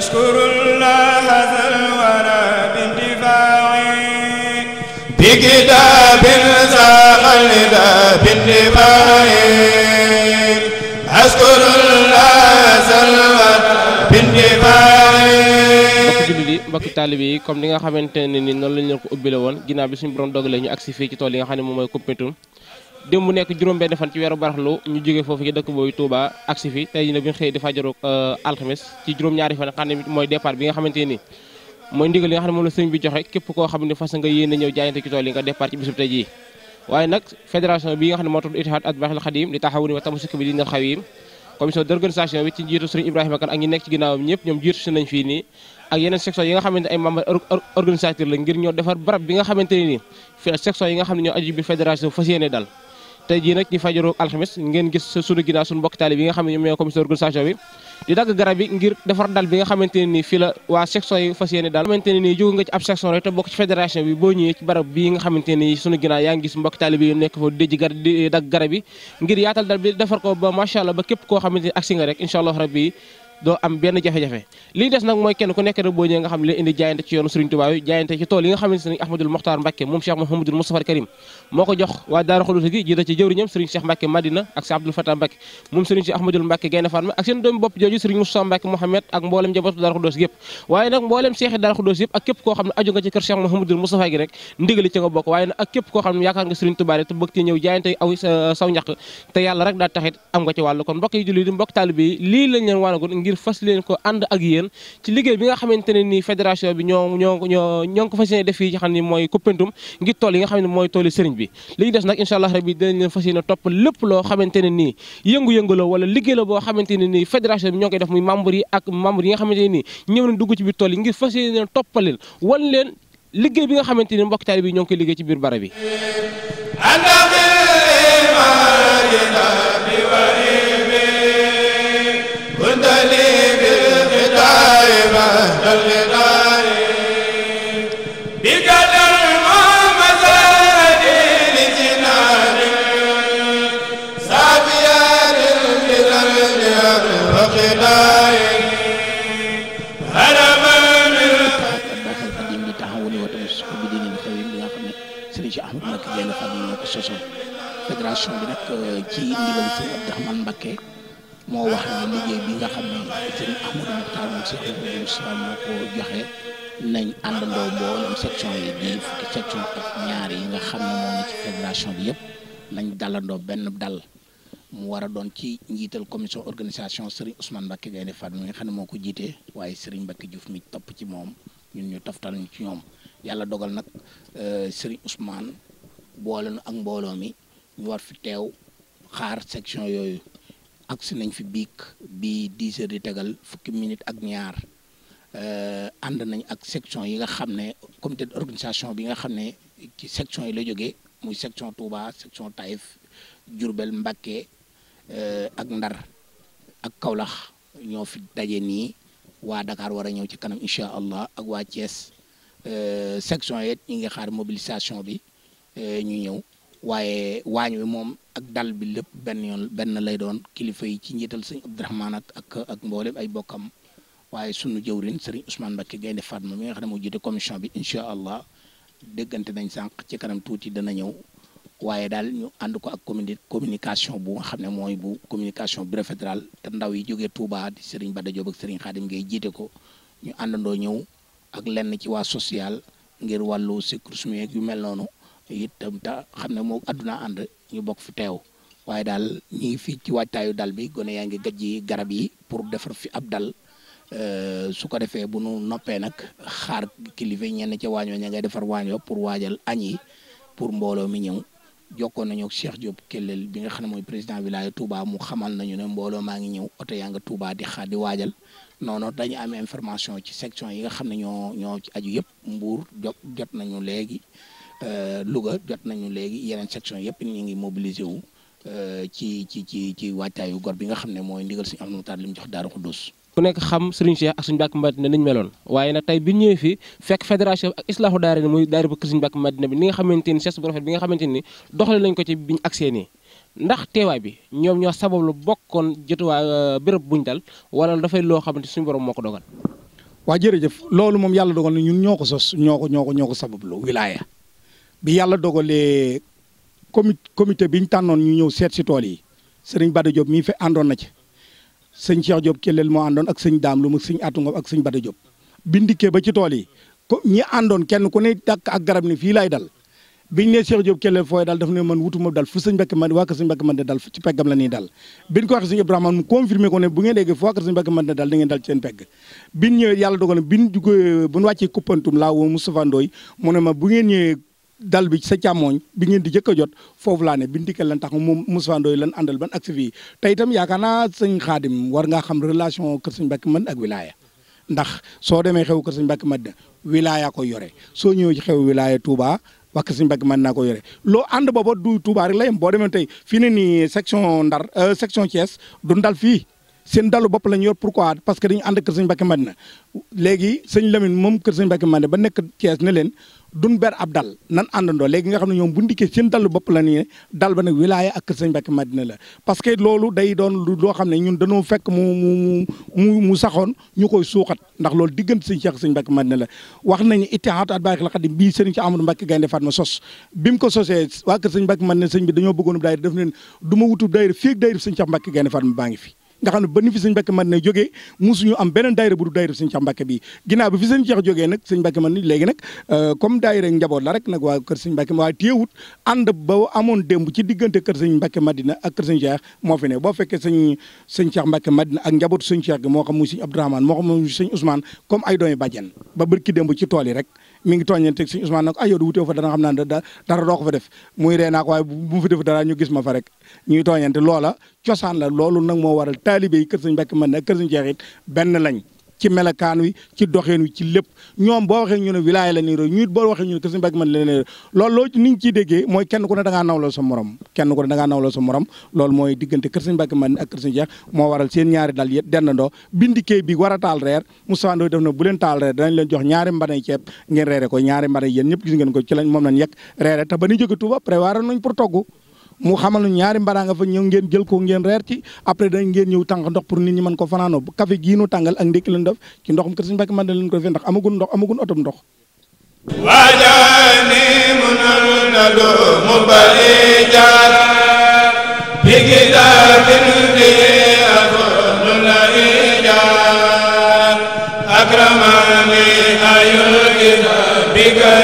أشكر الله ذا الورى باندفاعي بكتاب زغلل باندفاعي أشكر الله ذا الورى باندفاعي julli mbokki taalibe yi comme ni nga xamante ne ni noonu lañ leen ko ubbile woon ginnaaw bi suñu borom dogalee ñu agsi fii ci tool yi nga xam ne moom mooy Koumpentoum démb mu nekk juróom-benn fan ci weeru baraxlu ñu jógee foofu ci dëkk boobu Touba agsi fi tey euh, juróom-ñaari fan mooy départ bi nga xamante ni mooy ndigal li nga xam moom la sëñ bi joxe képp koo xam ne fas nga yéene ñëw jaayante ci tool yi nga départ ci bisub tey jii waaye nag fédération bi nga xam ne moo tudd Ittihaad Atbaahil Xadiim li taxawu ni wa tamasuk bi diinil xawiim commission d'organisation bi ci njiitu sëriñ Ibrahima Kan ak ñi nga xamante ne ay membre organisateur yi nga xam ne ñoo aju tey jii nag faj fajaru alxames ngeen gis sunu ginnaaw sunu mbokk taali bi nga xam ne ñoom ñoo commission organisation bi di dagg garab yi ngir defar dal bi nga xamante ne nii fii la waa section yi fas yéene daal ne nii jóge nga ci ab section rek te bokk ci fédération bi boo ñëwee ci barab bii nga xamante ne nii sunu ginnaaw yaa ngi gis mbokk taali bi nekk foofu déj di dagg garab yi ngir yaatal dal bi defar ko ba macha allah ba képp koo xamante ni agsi nga rek incha allah rabbi doo am benn jafe-jafe li des nag mooy kenn ku nekk bëgg ñëw jaayante aw saw ñaq te yàlla rek daa taxit am nga ci wàllu kon mbokk yi julli di mbokk taalibe yi lii leen waanagoon ngir fas leen ko ànd ak yéen ci liggéey bi nga xamante ne nii fédération bi ñoo ñoo ñoo ñoo ngi ko fas yéene def yi nga xam ne mooy Koumpentoum ngir tool yi nga xam ne mooy tooli sëriñ bi li ñu des nag incha allah rabbi dinañ leen fas yéene topp lépp loo xamante nii yëngu-yëngu la wala liggéey la ne nii fédération bi ñoo koy def muy membre yi ak membre yi nga xamante ne nii ñëw nañ dugg ci biir tool yi ngir fas yéene toppaleel wan leen liggéey bi nga xamante ne mbokk taali bi ñoo ngi koy liggéey ci biir barab bi fédération bi nag euh, ci ndigal Sëriñ Abdourahmane Mbacké moo wax ne liggéey bi nga xam na moo ko joxe nañ àndandoo mboolem section yi di fukki nga xam ne moom la ci fédération bi yëpp nañ dalandoo benn dal mu war a doon ci njiital commission organisation Serigne Ousmane Mbacke Gaynde Fatma mi nga xam ne moo ko jiite waaye Serigne Mbacke Diouf mi topp ci moom ñun ñu toftal ñu ci ñoom yàlla dogal nag euh, Serigne Ousmane boole na ak mbooloo mi ñu war fi teew xaar section yooyu. agsi nañ fi biig bi dix heures di tegal fukki minutes ak ñaar euh, ànd nañ ak section yi nga xam ne comité d'organisation bi nga xam ne ci section yi la joge muy section Touba section Taïf Diourbel Mbacké euh, ak Ndar ak Kaolack ñoo fi daje nii waa Dakar war a ñëw ci kanam incha allah ak waa Thiès euh, section yi it ñi ngi xaar mobilisation bi ñu ñëw waaye waañ wi moom ak dal bi lépp benn yoon benn lay doon kilifa yi ci njiital sëñ Abdourahmane ak ak ak mboolem ay bokkam waaye sunu jëwrin sëriñ Ousmane Mbacké Gaynde Fatma mi nga xam ne moo jiite commission bi incha allah déggante nañ sànq ci kanam tuuti dana ñëw waaye daal ñu ànd ko ak communi communication bu nga xam ne mooy bu communication bureau fédéral te ndaw yi jógee Touba di sëriñ Bada Diop ak sëriñ Khadim ngay jiite ko ñu àndandoo ñëw ak lenn ci waa social ngir wàllu secours yu mel noonu. itam te xam ne moo àdduna ànd ñu bokk fi teew waaye daal ñu ngi fii ci waajtaayu dal bi gone yaa ngi gëj ji garab yi pour defar fi ab dal euh, su ko defee bu nu noppee nag xaar kilifa ñenn ca waañoo ña ngay defar waañoo pour waajal añ yi pour mbooloo mi ñëw jokkoon nañu ak Cheikh Diop bi nga xam ne mooy président wilaya Touba mu xamal nañu ne mbooloo maa ngi ñëw oto yaa nga Touba di xaar di waajal noonu dañu amee information ci section yi nga xam ne ñoo ci aju yëpp mbuur jot nañu léegi Euh, Louga jot nañu léegi yeneen section yëpp ñu ngi mobilisé wu euh, ci ci ci ci waajtaayu gor bi nga xam ne mooy ndigal suñu am na taal li mu jox Daaru Xuddus ku nekk xam Serigne Cheikh ak suñu Mbàkke Madina niñ meloon waaye nag tey bi ñëwee fi fekk fédération ak islaahu daara muy daara bu kër Serigne Mbàkke Madina bi ni nga xamante ni geste bu rafet bi nga xamante ni doxale lañ ko ci biñu agsee nii ndax teewaay bi ñoom ñoo sabab lu bokkoon jotuwaa euh, béréb buñ dal wala dafay loo xamante suñu borom moo ko dogal waa jërëjëf loolu moom yàlla dogal na ñun ñoo ko sos ñoo ko ñoo ko ñoo ko sabablu wilaaya bi yàlla dogalee comi comité bi ñu tànnoon ñu ñëw seet si tool yi sëriñ Bada Diop mii fi àndoon na ci sëñ Cheikh Diop Kellel moo àndoon ak sëñ Daam lu mu sëñ Atou Ngom ak sëñ Bada Diop. bi ndikkee ba ci tool yi ko ñi àndoon kenn ku ne dàkk garab ni fii laay dal biñ ne Cheikh fooy dal daf ne man wutuma dal fu sëñ Mbacke man waa kër dal ci peggam la ñuy dal. biñ ko ko ne bu ngeen déggee foo waa kër sëñ Mbacke man de dal da dal ci seen pegg biñ ñëwee yàlla dogal biñ bi bu ñu wàccee kuppantum laa woo Moustapha Ndoye ne ma bu ngeen ñëwee dal bi sa càmmooñ bi ngeen di jëkk jot foofu laa ne bi ndikkal lan tax moom Moussa Ndoye lan àndal ban ak si fii tey tam yaakaar naa sëñ Xaadim war ngaa xam relation kër sëñ Mbàkke man ak wilaya ndax soo demee xew kër sëñ Mbàkke Madina wilaya ko yore soo ñëwee ci xew wilaya tuuba wax kër sëñ Mbàkke Madina ko yore loo ànd booba du Touba rek la yem boo demee tey fii ne nii section Ndar euh, section Thiès du ndal fii seen dalu bopp lañ yor pourquoi parce que dañu ànd kër sëñ Mbacke Madina léegi sëñ Lamine moom kër sëñ Mbacke Madina ba nekk Thiès ne leen duñ ber ab dal nan àndandoo léegi nga xam ne ñoom bu ndikkee seen dalu bopp la nii dal ba nag wilaaya ak kër sëñ Mbacke Madina la parce que loolu day doon loo xam ne ñun dañoo fekk mu mu mu mu saxoon ñu koy suuxat ndax loolu diggante sëñ Cheikh sëñ Mbacke Madina la wax nañu ittihaatu at baaxil xadim bii sëriñ ci Amadou Mbacke Gaynde Fatma sos bi mu ko sosee waa kër sëñ Mbacke Madina sëñ bi dañoo bëggoon daayira def leen du ma wutub fii ak daayira sëñ Cheikh Mbacke Gaynde baa ngi fi nga xam ne ba ni fi sëñ Mbàkke man ne jógee musuñu am beneen daayira bu du daayira sëñ Cheikh Mbàkke bii ginnaaw bi fi sëñ Cheikh jógee nag sëñ Mbàkke man ni léegi nag euh, comme daayira njaboot la rek nag waa kër sëñ Mbàkke waaye téewut ànd ba amoon démb ci diggante kër sëñ Mbàkke Madina ak kër sëñ moo fi ne boo fekkee sëñ sëñ Cheikh Mbàkke Madina ak njabootu sëñ Cheikh moo xam muy sëñ Abdourahmane moo xam muy sëñ Ousmane comme ay doomi bàjjen ba bërki démb ci tool yi rek mi ngi tooñante sëñ Ousmane nag ay yow du wuteew fa dana xam naa dara doo ko fa def mu ree naa ko waaye bu mu fi def dara ñu gis ma fa rek ñuy tooñante loola cosaan la loolu nag moo waral taalibe yi kër sëñ Mbàkke mën na kër sëñ Cheikh it benn lañ ci melekaan wi ci doxeen wi ci lépp ñoom boo waxee ñu ne la niiroo ñun boo waxee ñu ne kër sëñ ñu ciy déggee mooy kenn ku ne da ngaa nawloo sa morom kenn ku ne da ngaa sa morom loolu mooy diggante kër ak moo waral seen ñaari dal yëpp dendandoo bindikee bi war a taal reer Moustapha Ndoye def na bu leen taal reer leen jox ñaari mbanay ceeb ngeen reere ko ñaari mbanay yéen ñëpp gis ko ci lañ moom lañ yekk reere te ba ñu jóge Tuuba prévoir nañ pour mu xamal ñu ñaari mbaraa nga fa ñëw ngeen jël ko ngeen reer ci après dañ ngeen ñëw tànk ndox pour nit ñi mën ko fanaanoo café gii nu tàngal ak ndékki lañ def ci ndoxum kër Sëñ Mbàkke man leen ko defee ndax amagun ndox amagun otom ndox wajaani mu nadu mu bari jaar bi gi daa bin di nu lari jaar akramani ayul gi daa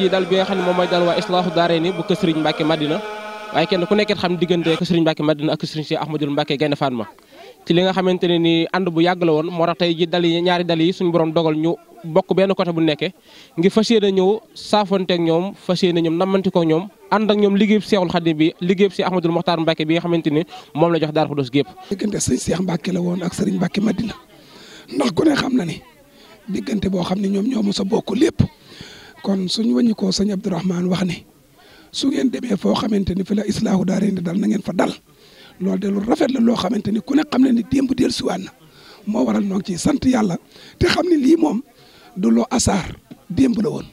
kii dal bi nga xam ne moom mooy dal waa islaahu daare ni bu kër Serigne Madina waaye kenn ku nekket xam diggante ne ni ànd bu la woon moo tax tey ji dal yi ñaari dal yi suñu borom dogal ñu bokk benn côté bu nekkee ngir fas yéene ñëw saafonte ak ñoom fas yéene ñoom nammanti ko ñoom ànd bi liggéeyub si Ahmadul Moxtaar Mbacke bi nga xamante ni moom la jox Daaru Xudoos gépp diggante sëñ la woon ak Serigne Mbacke Madina ndax ku ne na ni diggante boo xam ne ñoom ñoo sa a bokk lépp kon suñ wàññi koo sëñ Abdourahmane wax ne su ngeen demee foo xamante ni fi la islaahu daa reen dal na ngeen fa dal loolu de lu rafet la loo xamante ni ku ne xam ne ni démb dellusiwaat na moo waral noo ciy sant yàlla te xam ne lii moom du loo asaar démb la woon.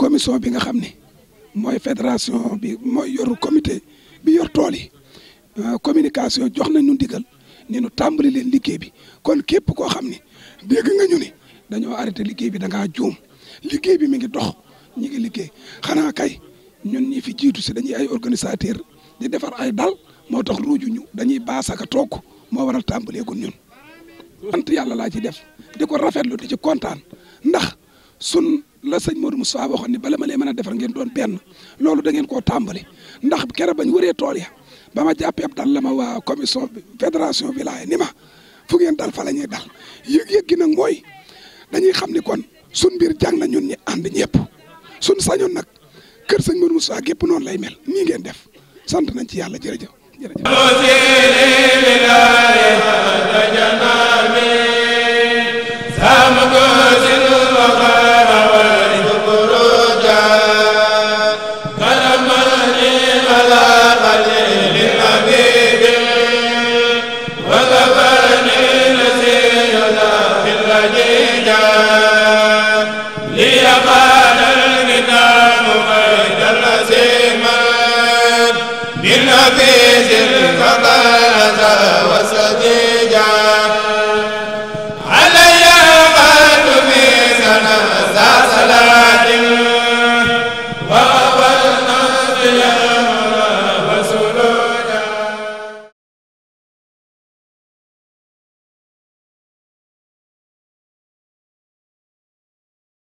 commission bi nga xam ne mooy fédération bi mooy yoru comité bi yor tool yi euh, communication jox nañ ñu ndigal ne nu tàmbali leen liggéey bi kon képp koo xam ni dégg nga ñu ne dañoo arrêté liggéey bi da ngaa juum. liggéey bi mi ngi dox ñu ngi liggéey xanaa kay ñun ñii fi jiitu si dañuy ay organisateur di defar ay dal moo tax ruuju ñu dañuy baasaka toog moo waral tàmbaleegul ñun sant yàlla laa ci def di ko rafetlu di ci kontaan ndax sun la sëñ Modou Moussa waxoon ni bala ma lee mën a defar ngeen doon benn loolu da ngeen koo tàmbali ndax kere bañ wëree tool ya ba ma jàppee dal la ma waa commission fédération village ni ma fu ngeen dal fa la ñuy dal yëg-yëg gi nag dañuy xam ni kon sun mbir jàng na ñun ñi ànd ñëpp sun sañoon nag kër sëñ Mor Moussa gépp noonu lay mel nii ngeen def sant nañ ci yàlla jërëjëf bi